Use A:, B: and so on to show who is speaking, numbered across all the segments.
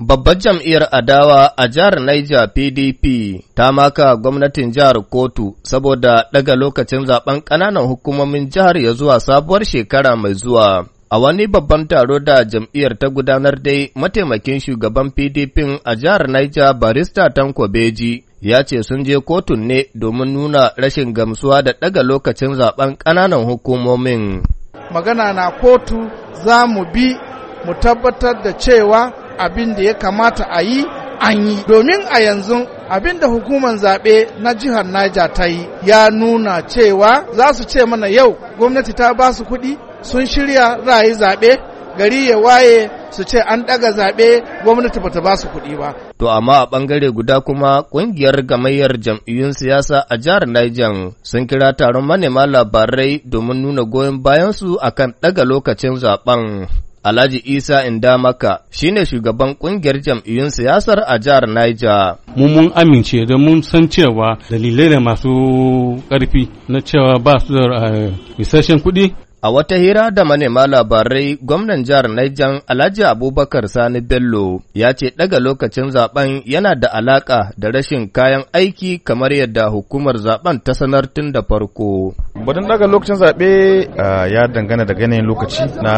A: Babbar jam'iyyar adawa a jihar Niger PDP ta maka gwamnatin jihar kotu saboda daga lokacin zaben ƙananan hukumomin jihar ya zuwa sabuwar shekara mai zuwa. A wani babban taro da jam'iyyar ta gudanar dai mataimakin shugaban PDP a jihar Niger barista Tanko Beji ya ce sun je kotun ne domin nuna rashin gamsuwa da daga lokacin zaben ƙananan hukumomin.
B: Magana na kotu za mu bi mu tabbatar da cewa abin da ya kamata a yi an yi domin a yanzu abin da hukumar zaɓe na jihar Niger ta yi ya nuna cewa za su ce mana yau gwamnati ta ba su kuɗi sun shirya za yi zaɓe gari ya waye su ce an ɗaga zaɓe gwamnati ba ta ba su kuɗi ba.
A: To amma a ɓangare guda kuma ƙungiyar gamayyar jam'iyyun siyasa a jihar Niger sun kira taron manema labarai domin nuna goyon bayan bayansu akan ɗaga lokacin zaɓen. Alhaji Isa Indamaka shine shugaban kungiyar jam'iyyun siyasar a jihar Niger.
C: Mu mun amince da mun san cewa dalilai da masu ƙarfi na cewa ba su da eh, isasshen kuɗi. A wata
A: hira da manema labarai gwamnan jihar Niger Alhaji Abubakar Sani
C: Bello
A: ya ce daga lokacin zaben yana da alaka da rashin kayan aiki kamar yadda hukumar zaben ta sanar tun da farko. Batun daga lokacin zaɓe ya dangana da ganin lokaci na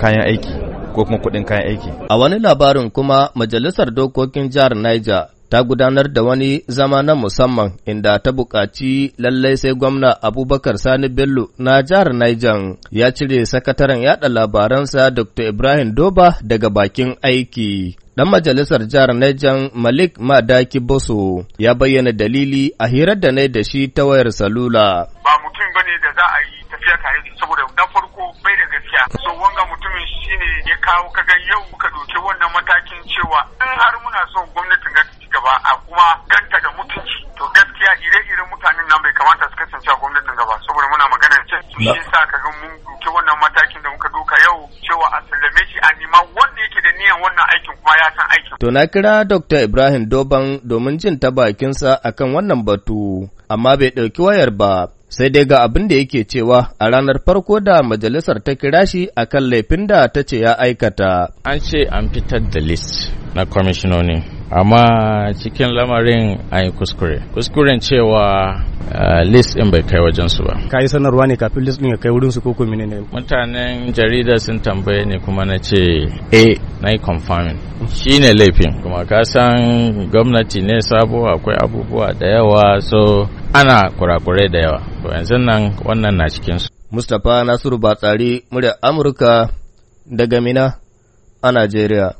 A: kayan aiki ko kuma kuɗin kayan aiki. A wani labarin kuma Majalisar Dokokin Jihar Niger ta gudanar da wani zama na musamman inda ta buƙaci lallai sai gwamna abubakar sani bello na jihar niger ya cire sakataren yada labaransa dr ibrahim doba daga bakin aiki Dan majalisar jihar Niger Malik Madaki Boso ya bayyana dalili a hirar da na da shi ta wayar salula.
B: mutum bane da za a yi tafiya tare da saboda na farko bai da gaskiya so wanga mutumin shine ya kawo kaga yau muka doke wannan matakin cewa in har muna son gwamnatin ga ci gaba a kuma ganta da mutunci to gaskiya
C: ire-iren mutanen nan bai kamata su kasance a gwamnatin gaba saboda muna magana ce shi yasa ga mun doke wannan matakin da muka doka yau cewa a sallame shi a nima wanda yake da niyan wannan aikin kuma ya san aikin to
A: na kira Dr. Ibrahim Doban domin jin ta bakinsa akan wannan batu amma bai ɗauki wayar ba sai dai ga abin da yake cewa a ranar farko da majalisar ta kira shi a kan laifin da ta ce ya aikata.
C: An ce an fitar da list na kwamishinoni, amma cikin lamarin an yi kuskure. Kuskuren cewa eh, list ɗin bai kai wajensu ba. Ka yi
A: sanarwa ne kafin list ɗin ya kai wurin su ko kuma ne?
C: Mutanen jarida sun tambaye ne kuma na ce nayi na yi confirming. Shi ne laifin, kuma ka san gwamnati ne sabo akwai abubuwa da yawa so ana kurakurai da yawa. to yanzu nan wannan na cikinsu.
A: Mustapha Nasiru Batsari, murya Amurka daga Mina a Najeriya.